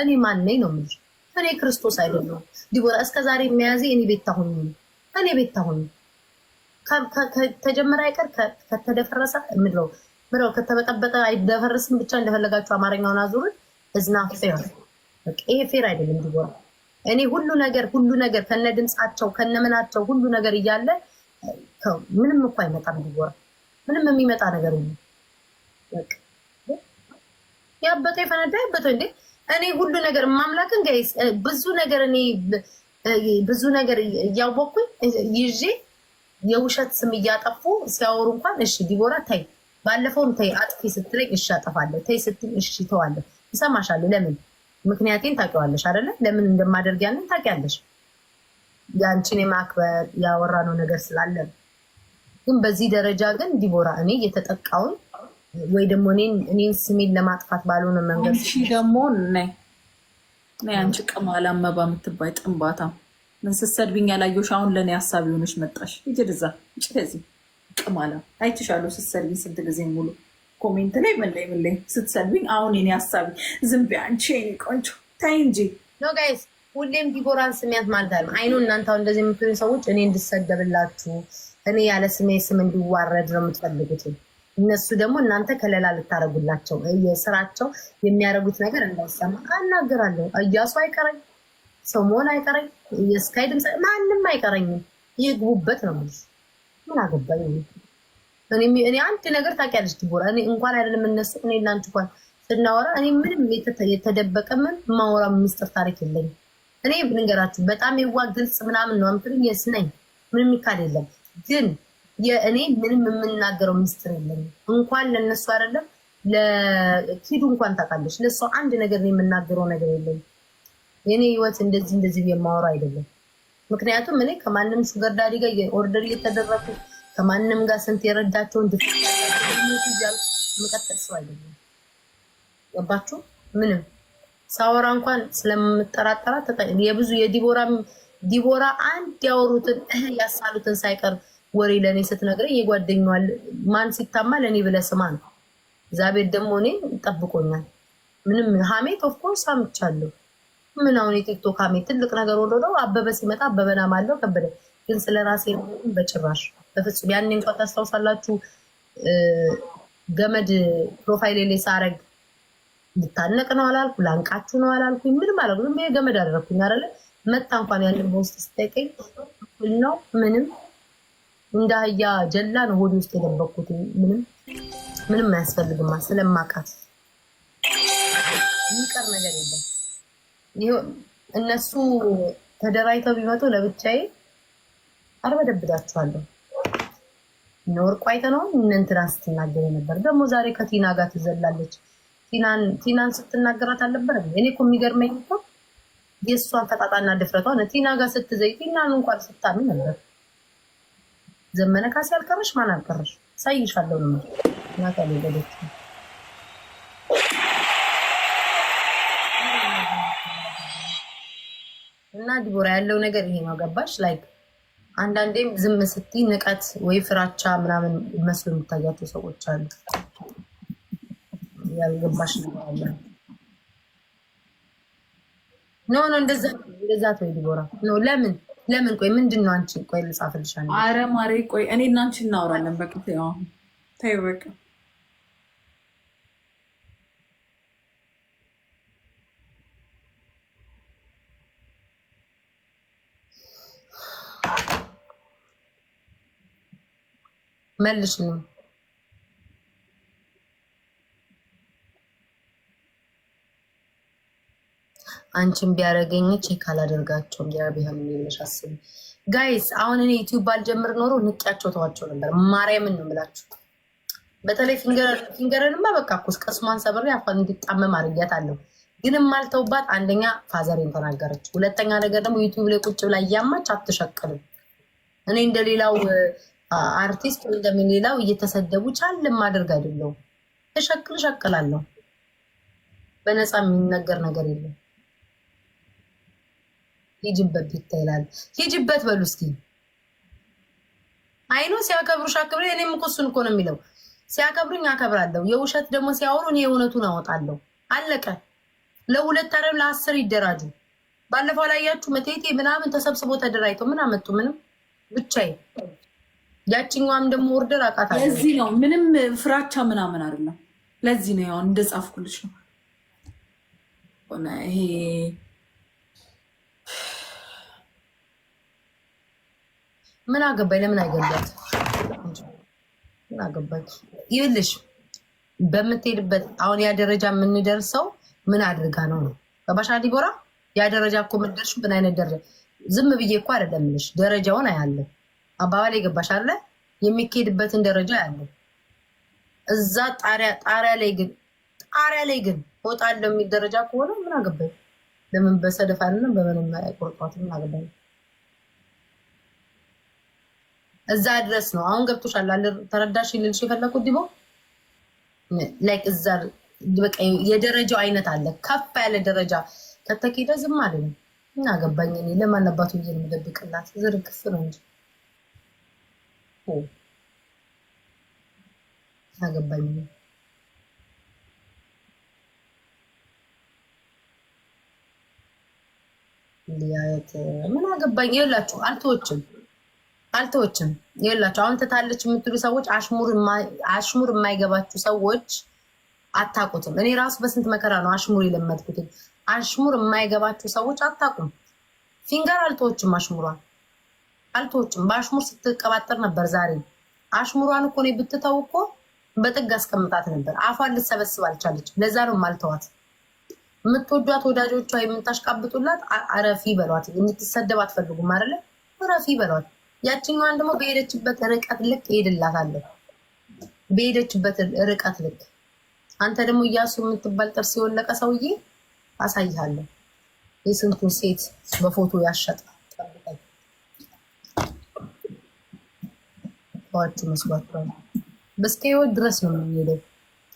እኔ ማን ነኝ ነው የምልሽ። እኔ ክርስቶስ አይደለሁም ዲቦራ። እስከ ዛሬ የሚያዘ እኔ ቤታ ሆኜ እኔ ቤታ ሆኜ ተጀመረ አይቀር ከተደፈረሰ ምድረው ምድረው ከተበጠበጠ አይደፈርስም። ብቻ እንደፈለጋችሁ አማርኛውን አዙርን። እዝና ፌር ይሄ ፌር አይደለም ዲቦራ። እኔ ሁሉ ነገር ሁሉ ነገር ከነ ድምፃቸው ከነምናቸው ሁሉ ነገር እያለ ምንም እኮ አይመጣም ዲቦራ። ምንም የሚመጣ ነገር ያበጠ የፈነዳ ያበጠ እንዴ እኔ ሁሉ ነገር ማምላክን ጋይስ ብዙ ነገር እኔ ብዙ ነገር እያወቅኩኝ ይዤ የውሸት ስም እያጠፉ ሲያወሩ እንኳን እሺ ዲቦራ ተይ፣ ባለፈውም ተይ አጥፊ ስትለኝ እሺ አጠፋለሁ፣ ተይ ስትኝ እሺ ተዋለሁ። እሰማሻለሁ። ለምን ምክንያቴን ታውቂዋለሽ አይደለ? ለምን እንደማደርግ ያንን ታውቂያለሽ። የአንቺን የማክበር ያወራነው ነገር ስላለ ግን በዚህ ደረጃ ግን ዲቦራ እኔ እየተጠቃውን ወይ ደግሞ እኔን ስሜን ለማጥፋት ባልሆነ መንገድ ሺ ደግሞ አንቺ ቅማል መባ የምትባይ ጥንባታ ምን ስትሰድቢኝ ያላየሁሽ አሁን ለእኔ ሀሳብ የሆነች መጣሽ። ይጅድዛ ጭዚ ቅማላ አይችሻለሁ ስትሰድቢኝ ስንት ጊዜ ሙሉ ኮሜንት ላይ ምን ላይ ምን ላይ ስትሰድቢኝ አሁን ኔ ሀሳቢ ዝም በይ አንቺ የኔ ቆንጆ ታይ እንጂ ኖ ጋይስ ሁሌም ዲቦራን ስሚያት ማለት አለ አይኑ እናንተ አሁን እንደዚህ የምትሆኑ ሰዎች እኔ እንድሰደብላችሁ እኔ ያለ ስሜ ስም እንዲዋረድ ነው የምትፈልጉት። እነሱ ደግሞ እናንተ ከለላ ልታደረጉላቸው የስራቸው የሚያደረጉት ነገር እንዳይሰማ አናገራለሁ። እያሱ አይቀረኝ፣ ሰው መሆን አይቀረኝ፣ የስካይ ድምፅ ማንም አይቀረኝም። ይግቡበት ነው ምን አገባኝ እኔ። አንድ ነገር ታውቂያለሽ ዲቦራ፣ እኔ እንኳን አይደለም እነሱ እኔ ላንቺ እንኳን ስናወራ እኔ ምንም የተደበቀ ምን ማወራ ምስጢር ታሪክ የለኝ። እኔ ንገራችሁ በጣም የዋ ግልጽ ምናምን ነው ምክር የስነኝ ምንም ይካል የለም ግን የእኔ ምንም የምናገረው ምስጢር የለኝም። እንኳን ለእነሱ አይደለም ለኪዱ እንኳን ታውቃለች። ለእሷ አንድ ነገር የምናገረው ነገር የለኝም። የእኔ ህይወት እንደዚህ እንደዚህ የማወራው አይደለም። ምክንያቱም እኔ ከማንም ሹገር ዳዲ ጋር ኦርደር እየተደረኩ ከማንም ጋር ስንት የረዳቸውን ድፍ መቀጠል ሰው አይደለም። ገባችሁ? ምንም ሳወራ እንኳን ስለምጠራጠራ የብዙ የዲቦራ ዲቦራ አንድ ያወሩትን ያሳሉትን ሳይቀር ወሬ ለእኔ ስትነግረኝ የጓደኛዋል ማን ሲታማ ለእኔ ብለህ ስማ ነው። እግዚአብሔር ደግሞ እኔ ጠብቆኛል። ምንም ሀሜት ኦፍኮርስ አምቻለሁ። ምን አሁን የቲክቶክ ሀሜት ትልቅ ነገር ሆኖ ነው። አበበ ሲመጣ አበበና ማለው ከበደ ግን ስለ ራሴ በጭራሽ በፍጹም። ያኔ እንኳን ታስታውሳላችሁ ገመድ ፕሮፋይል ላይ ሳረግ ልታነቅ ነው አላልኩ፣ ላንቃችሁ ነው አላልኩ። ምን ማለት ገመድ አደረግኩኝ አለ መታ እንኳን ያንን በውስጥ ስጠይቀኝ ነው ምንም እንደ አህያ ጀላ ነው ሆዴ ውስጥ የለበኩት። ምንም ምንም አያስፈልግማ ስለማቃት የሚቀር ነገር የለም። እነሱ ተደራጅተው ቢመጡ ለብቻዬ አርበደብዳችኋለሁ። እነ ወርቁ አይተነውም እነንትና ስትናገር ነበር። ደግሞ ዛሬ ከቲና ጋር ትዘላለች። ቲናን ስትናገራት አልነበረም። እኔ እኮ የሚገርመኝ እኮ የእሷን ፈጣጣና ድፍረቷ ቲና ጋር ስትዘይ ቲናን እንኳን ስታምን ነበር ዘመነ ካሴ አልቀረሽ፣ ማን አልቀረሽ? ሳይሻለው ነው ናት ያለ ገደች እና ዲቦራ ያለው ነገር ይሄ ነው። ገባሽ? ላይክ አንዳንዴም ዝም ስቲ ንቀት ወይ ፍራቻ ምናምን መስሎ የምታያቸው ሰዎች አሉ። ያልገባሽ ነገር አለ። ኖ ኖ፣ እንደዛ እንደዛ ተወይ ዲቦራ ኖ ለምን ለምን? ቆይ ምንድን ነው አንቺ? ቆይ ልጻፍልሻለሁ። አረ ማሬ ቆይ እኔ እና አንቺ እናወራለን። በቃ ተይው በቃ መልሽ ነው አንቺን ቢያደርገኝ ቼክ አላደርጋቸውም። ቢያ የሚመሻስብ ጋይስ፣ አሁን እኔ ዩቲዩብ ባልጀምር ኖሮ ንቅያቸው ተዋቸው ነበር። ማርያምን ነው የምላችሁ። በተለይ ፊንገረንማ በቃ ኮስ ቀስሟን ሰብሬ አፏን እንዲጣመም አለው። ግን የማልተውባት አንደኛ ፋዘሬን ተናገረች፣ ሁለተኛ ነገር ደግሞ ዩቲዩብ ላይ ቁጭ ብላ እያማች አትሸቅልም። እኔ እንደሌላው አርቲስት ወይ እንደሌላው እየተሰደቡ ቻል ማድረግ አይደለው። ተሸክል እሸቅላለሁ። በነፃ የሚነገር ነገር የለም። ሂጅበት ቤታ ይላሉ። ሂጅበት በሉ እስኪ። አይኑ ሲያከብሩሽ አክብሪ። እኔም እኮ እሱን እኮ ነው የሚለው። ሲያከብሩኝ አከብራለሁ። የውሸት ደግሞ ሲያወሩ እኔ የእውነቱን አወጣለሁ። አለቀ። ለሁለት አረብ ለአስር ይደራጁ። ባለፈው ያችሁ መቴቴ ምናምን ተሰብስቦ ተደራጅተው ምን አመጡ? ምንም ብቻዬ። ያችኛዋም ደግሞ ኦርደር አቃታ። ለዚህ ነው ምንም ፍራቻ ምናምን አይደለም። ለዚህ ነው ያው እንደጻፍኩልሽ ነው ይሄ ምን አገባኝ? ለምን አይገባት? ምን አገባኝ ይልሽ በምትሄድበት አሁን ያ ደረጃ የምንደርሰው ምን አድርጋ ነው ነው በባሻ ዲቦራ ያ ደረጃ እኮ የምንደርሱ ምን አይነት ደረጃ ዝም ብዬ እኮ አይደለምልሽ ደረጃውን አያለ አባባል የገባሽ አለ የሚካሄድበትን ደረጃ ያለ እዛ ጣሪያ ላይ ግን ጣሪያ ላይ ግን ወጣ እንደሚደረጃ ከሆነ ምን አገባኝ? ለምን በሰደፋንም በምንም አይቆርጧት ምን አገባኝ? እዛ ድረስ ነው። አሁን ገብቶሻል አይደል? ተረዳሽ ልልሽ የፈለኩት ዲቦ ላይክ እዛ በቃ የደረጃው አይነት አለ። ከፍ ያለ ደረጃ ከተኬደ ዝም አለ ነው እና ገባኝ። እኔ ለማን አባቱ ብዬ ነው የምደብቅላት? ዝርክፍ ነው እንጂ አገባኝ ምን አገባኝ ይላችሁ አልተወችም አልተወችም። ይላቸው አሁን ትታለች የምትሉ ሰዎች አሽሙር የማይገባችሁ ሰዎች አታቁትም። እኔ ራሱ በስንት መከራ ነው አሽሙር የለመድኩት። አሽሙር የማይገባችሁ ሰዎች አታቁም። ፊንገር አልተወችም። አሽሙሯን አልተወችም። በአሽሙር ስትቀባጠር ነበር። ዛሬ አሽሙሯን እኮ እኔ ብትተው እኮ በጥግ አስቀምጣት ነበር። አፏን ልትሰበስብ አልቻለች። ለዛ ነው ማልተዋት። የምትወዷት ወዳጆቿ የምታሽቃብጡላት አረፊ በሏት። እንድትሰደብ አትፈልጉም አይደለ? ረፊ በሏት። ያችኛዋን ደግሞ በሄደችበት ርቀት ልክ ሄድላታለሁ። በሄደችበት ርቀት ልክ አንተ ደግሞ እያሱ የምትባል ጥርስ የወለቀ ሰውዬ አሳይሃለሁ። የስንቱን ሴት በፎቶ ያሸጠ ጠብቀኝ። ተዋችሁ መስሏቸዋል። በስቴዮ ድረስ ነው የምንሄደው።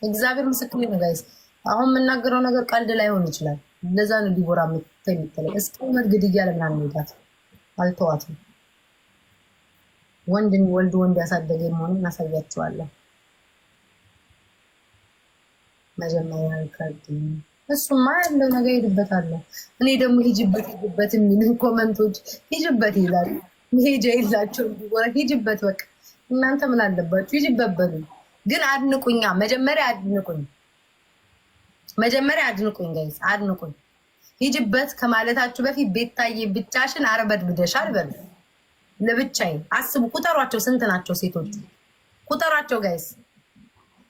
እግዚአብሔር ምስክር ነው ጋይስ። አሁን የምናገረው ነገር ቀልድ ላይሆን ይችላል። እነዛ ነው ዲቦራ የምትለኝ። እስከ መድግድ እያለ ምናምን ሄዳት አልተዋትም። ወንድን ወልድ ወንድ ያሳደገ መሆኑን እናሳያቸዋለን። መጀመሪያ ከርድ እሱማ ያለው ነገር ሄድበታለሁ። እኔ ደግሞ ሂጅበት ሂጅበት የሚል ኮመንቶች ሂጅበት ይላል። መሄጃ የላቸው እንዲጎራ ሂጅበት። በቃ እናንተ ምን አለባችሁ? ሂጅበት በሉ። ግን አድንቁኛ፣ መጀመሪያ አድንቁኝ፣ መጀመሪያ አድንቁኝ፣ ጋይስ አድንቁኝ። ሂጅበት ከማለታችሁ በፊት ቤታዬ ብቻሽን አርበድ ብደሻል በሉ ለብቻዬ አስቡ። ቁጠሯቸው፣ ስንት ናቸው ሴቶች ቁጠሯቸው ጋይስ።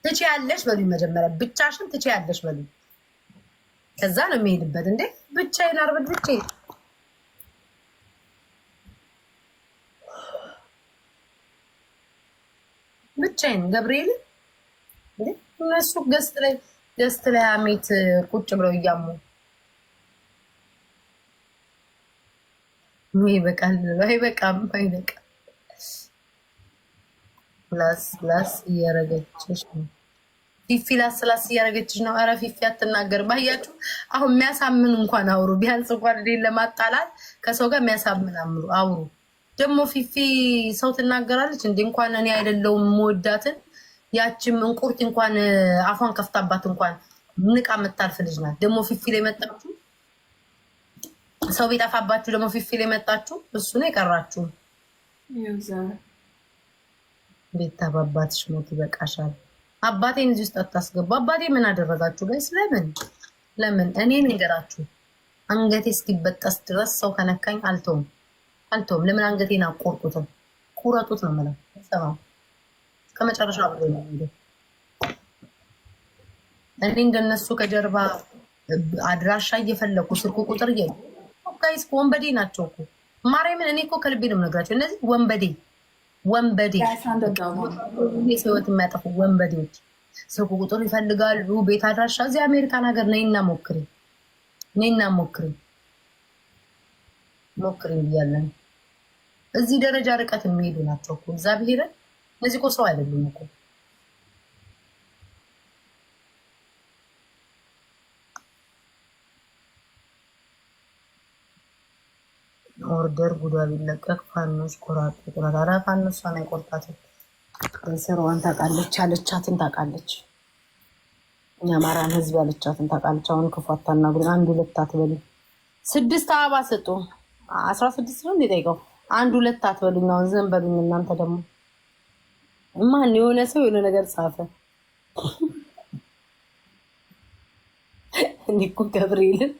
ትቼ ያለሽ በሉ መጀመሪያ፣ ብቻሽን ትቼ ያለሽ በሉ። ከዛ ነው የሚሄድበት። እንዴ ብቻዬን አርበድ ብቼ ብቻዬን ገብርኤል እነሱ ገስት ላይ ገስት ላይ አሜት ቁጭ ብለው እያሙ ይበቃል። አይበቃም፣ አይበቃም። ላስ ላስ እያረገችሽ ነው ፊፊ፣ ላስ ላስ እያረገችሽ ነው። ፊፊ አትናገር። ባያችሁ አሁን የሚያሳምን እንኳን አውሩ፣ ቢያንስ እንኳን እኔን ለማጣላት ከሰው ጋር የሚያሳምን አምሩ አውሩ። ደግሞ ፊፊ ሰው ትናገራለች እንዴ? እንኳን እኔ አይደለውም መወዳትን ያችም እንኳን አፏን ከፍታባት እንኳን ንቃ የምታልፍ ልጅ ናት። ደግሞ ፊፊ ላይ መጣችሁ ሰው ቢጠፋባችሁ ደግሞ ፊፊል የመጣችሁ እሱ ነው የቀራችሁ። ቤታ በአባትሽ ሞት ይበቃሻል። አባቴን እዚህ ውስጥ አታስገቡ። አባቴ ምን አደረጋችሁ ጋይስ? ለምን ለምን እኔን ንገራችሁ። አንገቴ እስኪበጠስ ድረስ ሰው ከነካኝ አልተውም አልተውም። ለምን አንገቴን አቆርጡትም? ቁረጡት ነው የምለው። ሰማው ከመጨረሻ አብሮ ነው እኔ እንደነሱ ከጀርባ አድራሻ እየፈለኩ ስልኩ ቁጥር ጋይስ ወንበዴ ናቸው እኮ ማርያምን፣ እኔ እኮ ከልቤ ነው የምነግራቸው። እነዚህ ወንበዴ ወንበዴ ህይወት የሚያጠፉ ወንበዴዎች ሰው ቁጥር ይፈልጋሉ፣ ቤት አድራሻ። እዚህ አሜሪካን ሀገር ነይና ሞክሪ፣ ነይና ሞክሪ፣ ሞክሪ ብያለን። እዚህ ደረጃ ርቀት የሚሄዱ ናቸው እኮ እግዚአብሔርን። እነዚህ እኮ ሰው አይደሉም እኮ ኦርደር ጉዳ ቢለቀቅ ፋኖች ቆራጡ ጥረት አላ ፋኖ እሷን አይቆርጣትም። ስራዋን ታውቃለች፣ ያለቻትን ታውቃለች። የአማራን ህዝብ ያለቻትን ታውቃለች። አሁን ክፉ አታናግሩን። አንድ ሁለት አትበሉ። ስድስት አበባ ሰጡ። አስራ ስድስት ነው እንዲጠይቀው አንድ ሁለት አትበሉኝ። አሁን ዘን በሉኝ እናንተ ደግሞ ማን የሆነ ሰው የሆነ ነገር ጻፈ። እንዲህ እኮ ገብርኤልን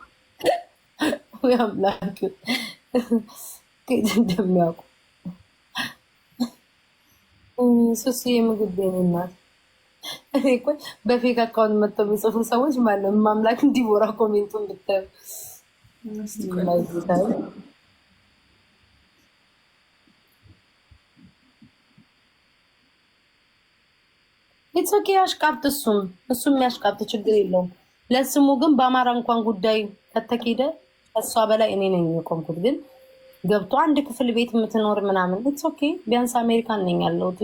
ከየት እንደሚያውቁ ሱሱ የምግብ ቤት ናት። እኔ እኮ በፌክ አካውንት መጥተው የሚጽፉ ሰዎች ማለት ማምላክ እንዲቦራ ኮሜንቱን ብታዩ ኢትሶኬ ያሽቃብጥ፣ እሱም እሱም ያሽቃብጥ ችግር የለውም። ለስሙ ግን በአማራ እንኳን ጉዳይ ከተኬደ ከእሷ በላይ እኔ ነኝ የቆምኩት። ግን ገብቶ አንድ ክፍል ቤት የምትኖር ምናምን ኢትስ ኦኬ። ቢያንስ አሜሪካን ነኝ ያለሁት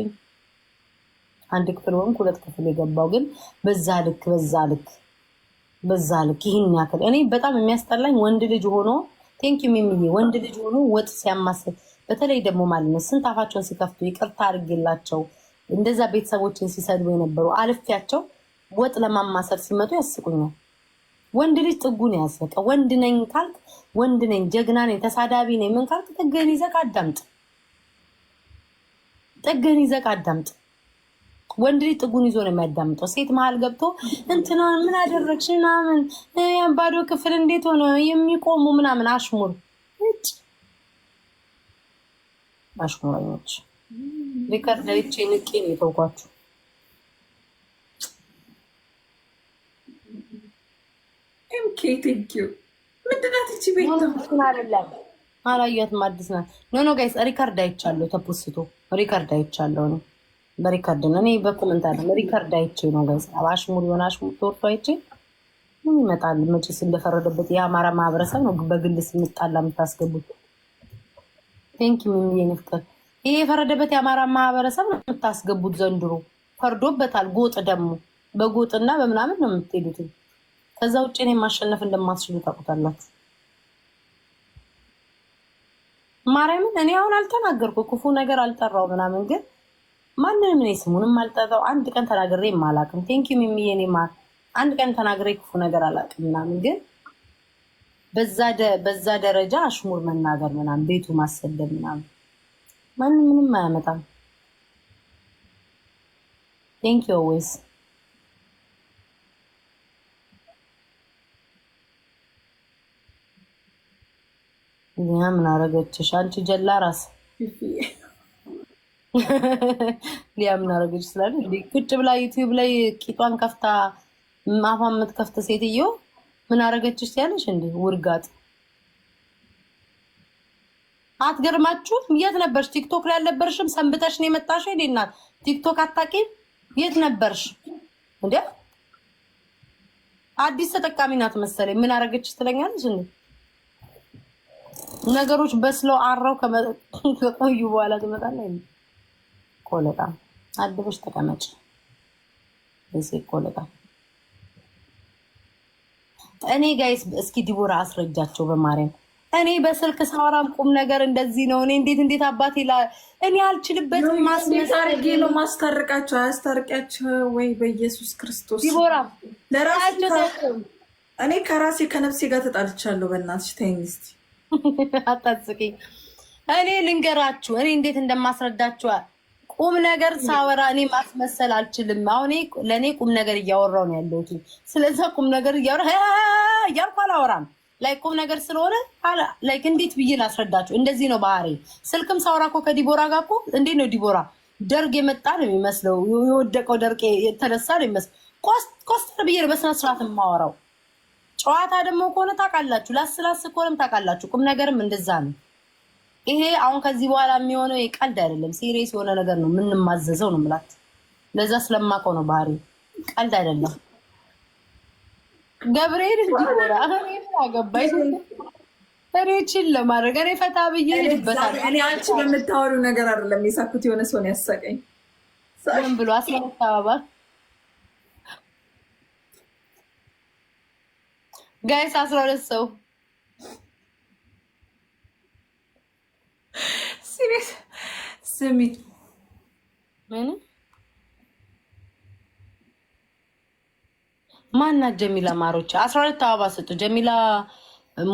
አንድ ክፍል ወይም ሁለት ክፍል የገባው ግን በዛ ልክ በዛ ልክ በዛ ልክ ይህን ያክል እኔ በጣም የሚያስጠላኝ ወንድ ልጅ ሆኖ ቴንክ ዩ ወንድ ልጅ ሆኖ ወጥ ሲያማስል፣ በተለይ ደግሞ ማለት ነው ስንት አፋቸውን ሲከፍቱ ይቅርታ አድርጌላቸው እንደዛ ቤተሰቦችን ሲሰድቡ የነበሩ አልፊያቸው ወጥ ለማማሰል ሲመጡ ያስቁኛል። ወንድ ልጅ ጥጉን ያዘቀ ወንድ ነኝ ካልክ ወንድ ነኝ፣ ጀግና ነኝ፣ ተሳዳቢ ነኝ፣ ምን ካልክ ጥግህን ይዘቅ አዳምጥ። ጥግህን ይዘቅ አዳምጥ። ወንድ ልጅ ጥጉን ይዞ ነው የሚያዳምጠው። ሴት መሀል ገብቶ እንትና ምን አደረግሽ ምናምን ባዶ ክፍል እንዴት ሆነ የሚቆሙ ምናምን አሽሙር ጭ አሽሙረኞች ሪከርድ ለይቼ ንቄ ነው የተውኳችሁ። ኦኬ ቴንኪዩ። ምንድናት ምንድን ቤትአለም ይቺ ቤትኩን? አዲስ ናት። ኖ ኖ ጋይስ ሪካርድ አይቻለሁ፣ ተፖስቶ ሪካርድ አይቻለሁ ነው በሪካርድ ነው። እኔ በኮመንት አለ ሪካርድ አይቼ ነው ጋይስ። አሽሙር የሆነ አሽሙር ተወርቶ አይቼ ምን ይመጣል መቼስ እንደፈረደበት የአማራ ማህበረሰብ ነው። በግል ስንጣላ የምታስገቡት ቴንኪ ዩ ሚሚዬ ፍቅር። ይሄ የፈረደበት የአማራ ማህበረሰብ ነው የምታስገቡት ዘንድሮ። ፈርዶበታል። ጎጥ ደግሞ በጎጥና በምናምን ነው የምትሄዱት። ከዛ ውጭ እኔ ማሸነፍ እንደማስችሉ ታውቁታላችሁ። ማርያምን እኔ አሁን አልተናገርኩ ክፉ ነገር አልጠራው ምናምን፣ ግን ማንንም እኔ ስሙንም አልጠራው። አንድ ቀን ተናግሬ አላውቅም። ቴንኪ የሚዬ እኔ ማ አንድ ቀን ተናግሬ ክፉ ነገር አላውቅም ምናምን፣ ግን በዛ ደረጃ አሽሙር መናገር ምናምን፣ ቤቱ ማሰደብ ምናምን ማንም ምንም አያመጣም። ቴንኪ ኦልዌይስ ያ ምን አረገችሽ? አንቺ ጀላ ራስ ሊያ ምን አረገች ስላለ ቁጭ ብላ ዩቲዩብ ላይ ቂጧን ከፍታ ማፋ የምትከፍት ሴትዮ ምን አረገችሽ ያለሽ እንደ ውርጋጥ አትገርማችሁ? የት ነበርሽ? ቲክቶክ ላይ አልነበርሽም? ሰንብተሽ ነው የመጣሽው? ይዴናት ቲክቶክ አታቂም? የት ነበርሽ እንዴ? አዲስ ተጠቃሚ ናት መሰለኝ። ምን አረገችሽ ትለኛለሽ እንዴ ነገሮች በስለው አረው ከቆዩ በኋላ ትመጣለህ። ቆለጣ አድበሽ ተቀመጭ። ሴ ቆለጣ እኔ ጋይስ እስኪ ዲቦራ አስረጃቸው በማርያም እኔ በስልክ ሳወራም ቁም ነገር እንደዚህ ነው። እኔ እንዴት እንዴት አባቴ ላ እኔ አልችልበትም። ማስመሳርጌ ነው ማስታርቃቸው አያስታርቂያቸው ወይ በኢየሱስ ክርስቶስ ዲቦራ ለራሱ እኔ ከራሴ ከነፍሴ ጋር ተጣልቻለሁ። በእናትሽ ተይኝ እስኪ አታስቂኝ። እኔ ልንገራችሁ፣ እኔ እንዴት እንደማስረዳችሁ ቁም ነገር ሳወራ እኔ ማስመሰል አልችልም። አሁን ለእኔ ቁም ነገር እያወራው ነው ያለሁት። ስለዚ ቁም ነገር እያወራ እያልኩ አላወራም። ላይ ቁም ነገር ስለሆነ ላይ እንዴት ብዬ ላስረዳችሁ? እንደዚህ ነው ባህሪ። ስልክም ሳወራ እኮ ከዲቦራ ጋር እኮ እንዴት ነው ዲቦራ ደርግ የመጣ ነው የሚመስለው፣ የወደቀው ደርቅ የተነሳ ነው የሚመስለው። ኮስተር ብዬ በስነስርዓት የማወራው ጨዋታ ደግሞ ከሆነ ታውቃላችሁ፣ ላስላስ ከሆነም ታውቃላችሁ። ቁም ነገርም እንደዛ ነው። ይሄ አሁን ከዚህ በኋላ የሚሆነው የቀልድ አይደለም፣ ሲሪየስ የሆነ ነገር ነው የምንማዘዘው ነው ምላት ለዛ ስለማውቀው ነው ባህሪ፣ ቀልድ አይደለም። ገብርኤል አገባኝ ሬችን ለማድረግ እኔ ፈታ ብዬ ሄድበታለሁ። እኔ አንቺ በምታወሪው ነገር አይደለም የሳኩት የሆነ ሰውን ያሰቀኝ ምን ብሎ አስራ ጋይስ አስራ ሁለት ሰው ስሚ ማናት ጀሚላ ማሮች አስራ ሁለት አበባ ሰጡ። ጀሚላ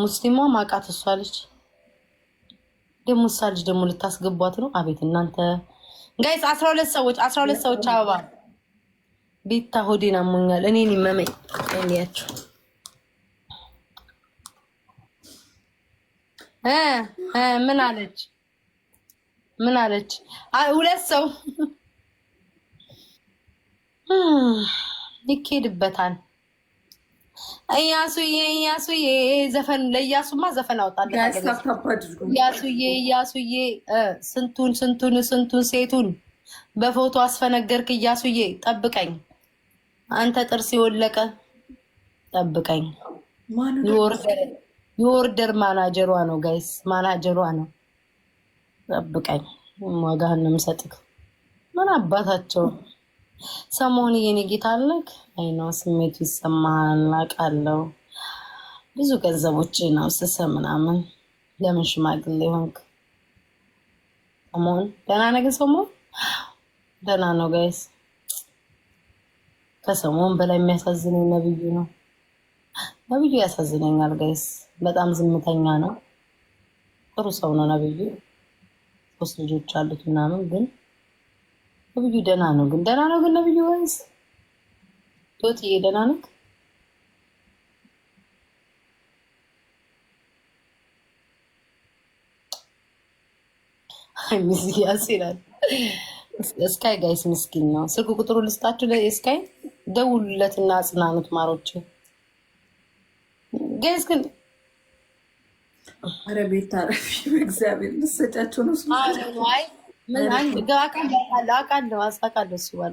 ሙስሊሟ ማቃት እሷ ደግሞ እሷ ልጅ ደግሞ ልታስገቧት ነው። አቤት እናንተ ጋይስ አስራ ሁለት ሰዎች አስራ ሁለት ሰዎች አበባ ቤታ ሆዴን አሞኛል። እኔን ይመመኝ ያቸው ምን አለች? ምን አለች? ሁለት ሰው ይኬድበታል። እያሱዬ እያሱዬ ዘፈን ለእያሱማ ዘፈን አወጣለት። እያሱዬ እያሱዬ ስንቱን ስንቱን ስንቱን ሴቱን በፎቶ አስፈነገርክ። እያሱዬ ጠብቀኝ፣ አንተ ጥርስ የወለቀ ጠብቀኝ ይወርገ የኦርደር ማናጀሯ ነው ጋይስ፣ ማናጀሯ ነው። ጠብቀኝ፣ ዋጋህን ነው የምሰጥህ። ምን አባታቸው ሰሞን የኔ ጌታ አለክ። አይ ነው ስሜቱ ይሰማሃል፣ አውቃለሁ። ብዙ ገንዘቦች ነው ስሰ ምናምን። ለምን ሽማግሌ ሆንክ? ሰሞን ደህና ነገ ሰሞን ደህና ነው ጋይስ። ከሰሞን በላይ የሚያሳዝነኝ ነብዩ ነው። ነብዩ ያሳዝነኛል ጋይስ። በጣም ዝምተኛ ነው። ጥሩ ሰው ነው ነብዩ። ሶስት ልጆች አሉት ምናምን፣ ግን ነብዩ ደህና ነው። ግን ደህና ነው ግን ነብዩ ወይስ ቶትዬ ደህና ነው? ስካይ ጋይስ። ምስኪን ነው። ስልክ ቁጥሩ ልስጣችሁ ለስካይ ደውሉለትና አጽናኑት ማሮችን ግን እስክ አረ ቤት ታረፊ በእግዚአብሔር ልሰጫቸው ነው።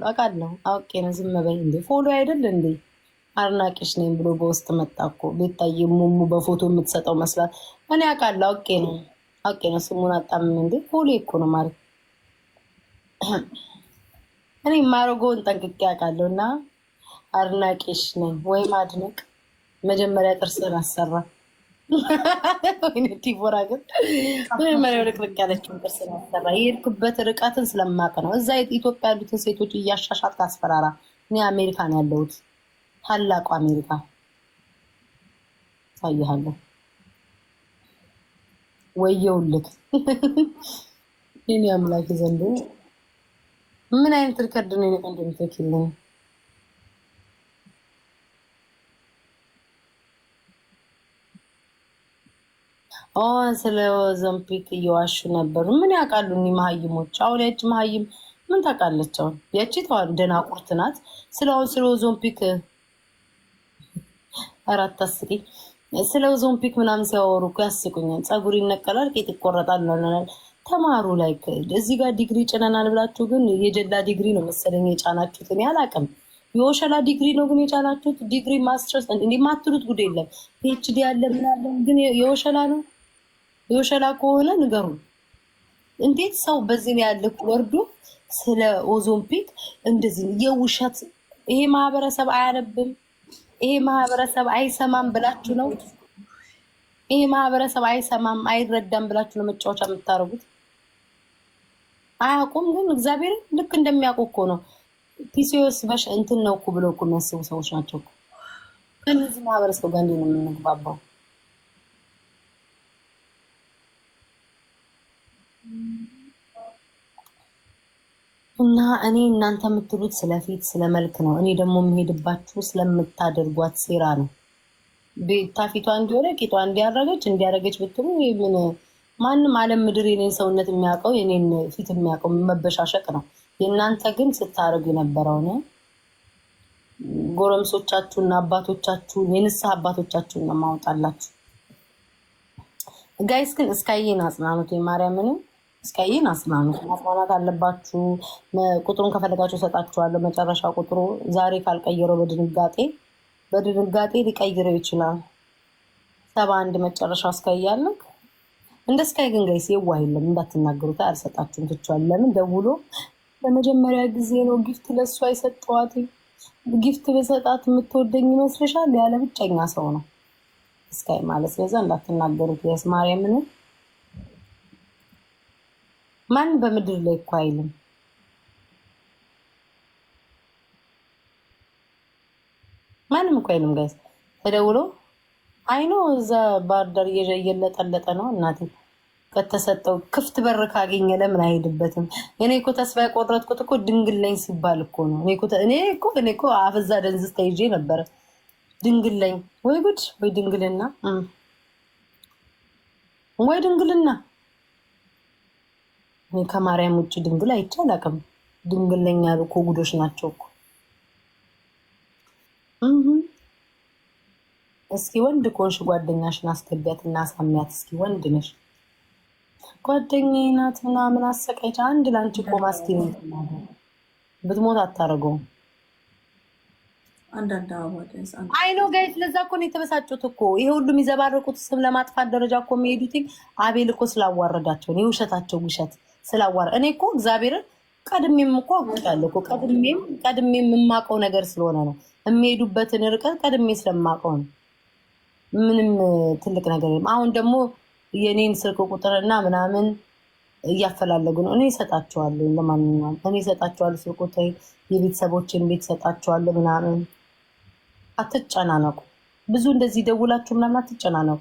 አውቃለሁ አውቄ ነው። ዝም እንዴ ፎሎ አይደል እንዴ አድናቂሽ ብሎ በውስጥ መጣ እኮ ቤታዬ ሙሙ በፎቶ የምትሰጠው መስላት እኔ አውቄ ነው አውቄ ነው ስሙን አጣምም እንዴ ፎሎ ነው ማለት እኔ ጠንቅቄ እና አድናቂሽ ነኝ ወይም አድነቅ መጀመሪያ ጥርስን አሰራ። ወይኔ ዲቦራ ግን መጀመሪያ ርቅርቅ ያለችውን ጥርስን አሰራ። የሄድኩበት ርቀትን ስለማቅ ነው። እዛ ኢትዮጵያ ያሉትን ሴቶች እያሻሻት አስፈራራ። እኔ ነው ያለሁት ታላቁ አሜሪካ ታይሃለሁ። ወየውልክ ይህን አምላክ ዘንድ ምን አይነት ሪከርድ ነው የቀንድ ምትክልኝ ስለ ኦዘምፒክ እየዋሹ ነበሩ። ምን ያውቃሉ እኒ መሀይሞች? አሁን ያቺ መሀይም ምን ታውቃለች? አሁን ያቺ ደናቁርት ናት። ስለ አሁን ስለ ኦዞምፒክ አራት አስቂ ስለ ኦዞምፒክ ምናምን ሲያወሩ እኮ ያስቁኛል። ፀጉር ይነቀላል፣ ቄጥ ይቆረጣል ነናል ተማሩ ላይ እዚህ ጋር ዲግሪ ጭነናል ብላችሁ ግን የጀላ ዲግሪ ነው መሰለኝ የጫናችሁት። እኔ አላውቅም። የወሸላ ዲግሪ ነው ግን የጫናችሁት። ዲግሪ ማስተርስ እንዲህ ማትሉት ጉድ የለም። ፒኤችዲ ያለ ምናለን ግን የወሸላ ነው የወሸላ ከሆነ ንገሩ። እንዴት ሰው በዚህ ያለ ወርዶ ስለ ኦዞምፒክ እንደዚህ የውሸት ይሄ ማህበረሰብ አያነብም፣ ይሄ ማህበረሰብ አይሰማም ብላችሁ ነው ይሄ ማህበረሰብ አይሰማም አይረዳም ብላችሁ ነው መጫወቻ የምታደርጉት። አያውቁም፣ ግን እግዚአብሔር ልክ እንደሚያውቁ እኮ ነው። ፒሲዮስ በሽ እንትን ነው እኮ ብለው እኮ የሚያስቡ ሰዎች ናቸው። ከነዚህ ማህበረሰብ ጋር እንዴት ነው የምንግባባው? እና እኔ እናንተ የምትሉት ስለፊት ስለመልክ ነው። እኔ ደግሞ የምሄድባችሁ ስለምታደርጓት ሴራ ነው። ቤታ ፊቷ እንዲሆነ ቂጧ እንዲያረገች እንዲያረገች ብትሉ ይህን ማንም ዓለም ምድር የኔን ሰውነት የሚያውቀው የኔን ፊት የሚያውቀው መበሻሸቅ ነው። የእናንተ ግን ስታደርጉ የነበረውን ጎረምሶቻችሁና አባቶቻችሁን የንስሐ አባቶቻችሁን ነው ማወጣላችሁ። ጋይስ ግን እስካዬን አጽናኑት ማርያምንም ስቀይን አስማኑት ማስማማት አለባችሁ። ቁጥሩን ከፈለጋችሁ ሰጣችኋለሁ። መጨረሻ ቁጥሩ ዛሬ ካልቀይረው በድንጋጤ በድንጋጤ ሊቀይረው ይችላል። ሰባ አንድ መጨረሻ ስካይ እንደ ስካይ ግን ጋይስ የዋ የለም። እንዳትናገሩት አልሰጣችሁም። ትችዋል። ለምን ደውሎ ለመጀመሪያ ጊዜ ነው ጊፍት ለእሷ አይሰጠዋት ጊፍት በሰጣት የምትወደኝ ይመስልሻል? ያለ ብቸኛ ሰው ነው እስካይ ማለት። ስለዚ እንዳትናገሩት ያስ ማን በምድር ላይ እኮ አይልም። ማንም እኮ አይልም። ጋይስ ተደውሎ አይኖ እዛ ባህር ዳር እየለጠለጠ ነው። እናቴ ከተሰጠው ክፍት በር ካገኘ ለምን አይሄድበትም? እኔ እኮ ተስፋ የቆረጥኩት እኮ ድንግል ነኝ ሲባል እኮ ነው። እኔ እኮ እኔ እኮ አፍዛ ደንዝስ ተይዤ ነበረ። ድንግል ነኝ ወይ ጉድ! ወይ ድንግልና ወይ ድንግልና ከማርያም ውጭ ድንግል አይቼ አላውቅም። ድንግል ነኝ ያሉ እኮ ጉዶች ናቸው እኮ። እስኪ ወንድ ከሆንሽ ጓደኛሽን አስገቢያት እና አሳሚያት። እስኪ ወንድ ነሽ ጓደኛዬ ናት ምናምን አሰቃይቻ አንድ ለአንቺ ቆማ እስኪ ብትሞት አታደርገውም። አይኖ ጋይስ፣ ለዛ እኮ ነው የተበሳጩት እኮ ይሄ ሁሉ የሚዘባረቁት ስም ለማጥፋት ደረጃ እኮ የሚሄዱት አቤል እኮ ስላዋረዳቸው ነው። የውሸታቸው ውሸት ስላዋር እኔ እኮ እግዚአብሔርን ቀድሜም እኮ አውቃለሁ ቀድሜም ቀድሜም የማውቀው ነገር ስለሆነ ነው። የሚሄዱበትን ርቀት ቀድሜ ስለማውቀው ነው። ምንም ትልቅ ነገር የለም። አሁን ደግሞ የእኔን ስልክ ቁጥርና ምናምን እያፈላለጉ ነው። እኔ እሰጣቸዋለሁ፣ ለማንኛውም እኔ እሰጣቸዋለሁ። ስልክ ቁጥር የቤተሰቦችን ቤት እሰጣቸዋለሁ ምናምን። አትጨናነቁ። ብዙ እንደዚህ ደውላችሁ ምናምን አትጨናነቁ።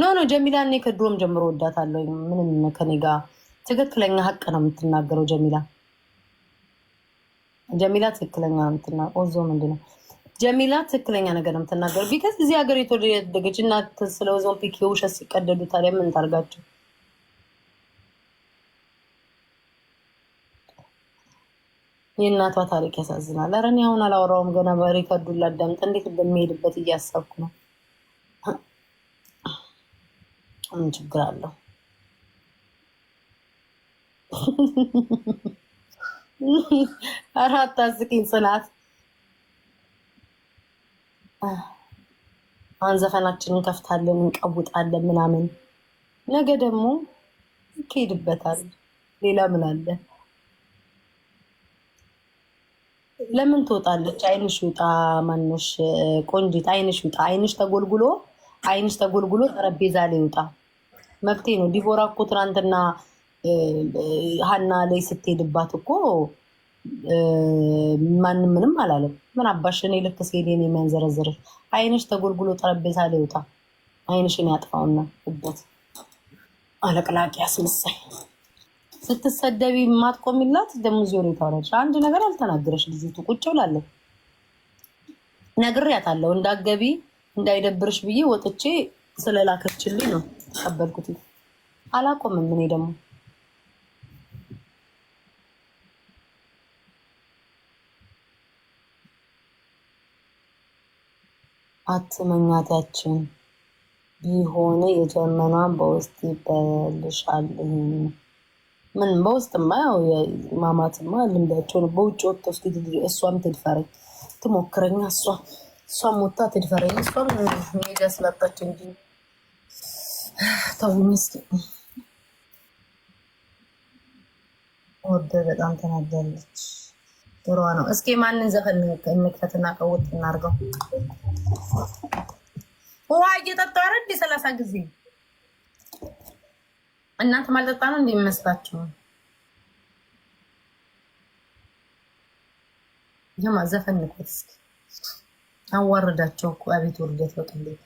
ኖ ኖ ጀሚላ እኔ ከድሮም ጀምሮ ወዳታለሁ። ምንም ከኔ ጋር ትክክለኛ ሀቅ ነው የምትናገረው ጀሚላ ጀሚላ ትክክለኛ ምትና ምትናቆዞ ምንድ ነው ጀሚላ ትክክለኛ ነገር ነው የምትናገረው። ቢከስ እዚህ ሀገር የተወደደገች እና ስለ ኦዞምፒክ የውሸት ሲቀደዱ ታዲያ ምን ታርጋቸው? የእናቷ ታሪክ ያሳዝናል። ኧረ እኔ አሁን አላወራውም ገና በሬከርዱን ላዳምጥ። እንዴት እንደሚሄድበት እያሰብኩ ነው። ምን ችግር አለው? አራት አስቂኝ ጽናት አሁን ዘፈናችንን እንከፍታለን፣ እንቀውጣለን ምናምን። ነገ ደግሞ ይካሄድበታል። ሌላ ምን አለ? ለምን ትወጣለች? አይንሽ ውጣ። ማነሽ ቆንጂት፣ አይንሽ ውጣ። አይንሽ ተጎልጉሎ አይንሽ ተጎልጉሎ ጠረጴዛ ላይ ይውጣ። መፍትሄ ነው። ዲቦራ እኮ ትናንትና ሀና ላይ ስትሄድባት እኮ ማንም ምንም አላለም። ምን አባሽን የልክ ሴሌን የሚያንዘረዝርሽ አይንሽ ተጎልጉሎ ጠረጴዛ ላይ ይውጣ። አይንሽን ያጥፋውና እበት አለቅላቂ አስመሳይ ስትሰደቢ ማትቆሚላት ደግሞ ዚሆን የታወራች አንድ ነገር አልተናገረች ልጅቱ ቁጭ ብላለች። ነግሬያታለሁ እንዳገቢ እንዳይደብርሽ ብዬ ወጥቼ ስለላከችልኝ ነው ተቀበልኩት። አላቆምም። እኔ ደግሞ አትመኛታችን ቢሆን የጀመኗን በውስጥ ይበልሻል። ምን በውስጥማ ያው የማማትማ ልምዳቸው በውጭ ወጥቶ እስኪ እሷም ትድፈረኝ ትሞክረኛ እሷ እሷም ወታ ትድፈረኝ። እሷም ሜዳ ስላጣች እንጂ ተውኝ እስኪ። ወደ በጣም ተናዳለች። ጥሯ ነው። እስኪ ማንን ዘፈን እንክፈትና ቀውጥ እናርገው። ውሃ እየጠጣ ረ እንዲ ሰላሳ ጊዜ እናንተ ማልጠጣ ነው እንደሚመስላችሁ ጀማ ዘፈን ንክፈት እስኪ አዋረዳቸው እኮ አቤት ውርደት! በቅሌት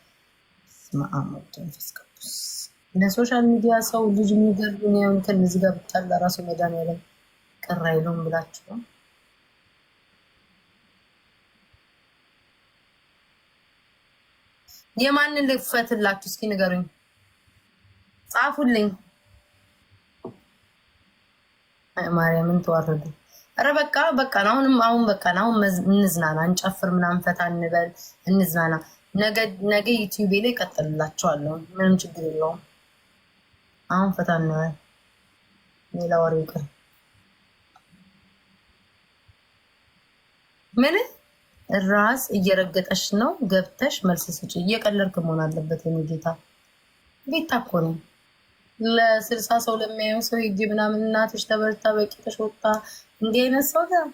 ለሶሻል ሚዲያ ሰው ልጅ የሚገርም እንትን እዚህ ጋር ብቻ ለራሱ መድኃኒዓለም ቅር አይለውም ብላችሁ ነው። የማንን ልፈትላችሁ? እስኪ ንገሩኝ፣ ጻፉልኝ። ማርያምን ተዋረዱ። ኧረ በቃ በቃ ነው። አሁንም አሁን በቃ ነው። አሁን እንዝናና፣ እንጨፍር፣ ምናምን ፈታ እንበል፣ እንዝናና። ነገ ዩቲዩብ ላይ ቀጥልላቸዋለሁ። ምንም ችግር የለውም። አሁን ፈታ እንበል፣ ሌላ ወሬ ይቅር። ምን ራስ እየረገጠሽ ነው? ገብተሽ መልስ ስጭ። እየቀለድክ መሆን አለበት። የኔ ጌታ ቤታ እኮ ነው ለስልሳ ሰው ለሚያየው ሰው ሂጂ ምናምን እናትሽ ተበርታ በቂ ተሾጣ እንዲህ አይነት ሰው ጋር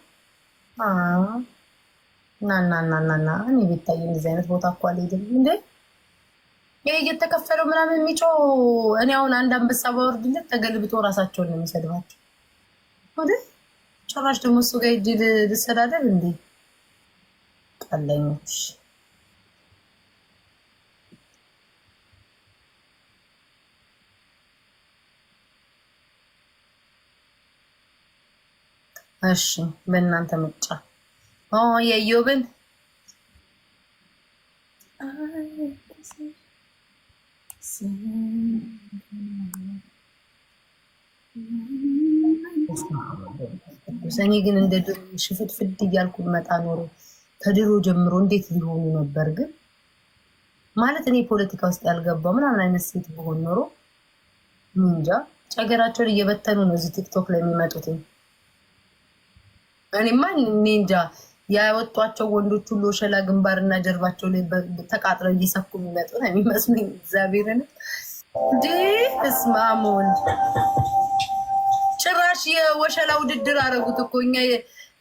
ናናናናና እኔ ቤታዬ እንደዚህ አይነት ቦታ እኮ አልሄድም እንዴ ይህ እየተከፈለው ምናምን የሚጮው እኔ አሁን አንድ አንበሳ ባወርድለት ተገልብቶ እራሳቸውን ነው የሚሰድባቸው። ወደ ጭራሽ ደግሞ እሱ ጋር ሂጅ ልሰዳደብ እንዴ ቀለኞች እሺ በእናንተ ምርጫ የዮብን እኔ ግን እንደ ድሮ ሽፍድፍድ እያልኩ መጣ ኖሮ ከድሮ ጀምሮ እንዴት ሊሆኑ ነበር ግን ማለት እኔ ፖለቲካ ውስጥ ያልገባው ምናምን አይነት ሴት በሆን ኖሮ እንጃ ጨገራቸውን እየበተኑ ነው እዚህ ቲክቶክ ላይ የሚመጡትኝ እኔማ እኔ እንጃ ያወጧቸው ወንዶች ሁሉ ሸላ ግንባርና ጀርባቸው ላይ ተቃጥለው እየሰኩ የሚመጡ ነው የሚመስሉኝ። እግዚአብሔርን እንዴ እስማ ጭራሽ የወሸላ ውድድር አደረጉት እኮ እኛ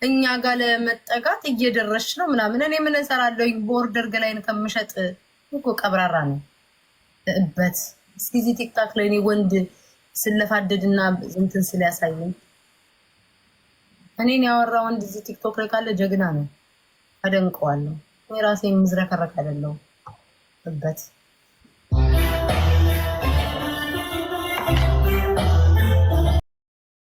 እኛ ጋር ለመጠጋት እየደረሽ ነው ምናምን። እኔ ምን እሰራለሁ? ቦርደር ገላይን ከምሸጥ እኮ ቀብራራ ነው እበት። እስኪ ቲክታክ ላይ እኔ ወንድ ስለፋደድና እንትን ስለያሳየኝ እኔን ያወራ ወንድ እዚህ ቲክቶክ ላይ ካለ ጀግና ነው፣ አደንቀዋለሁ። እኔ ራሴን ምዝረከረክ እበት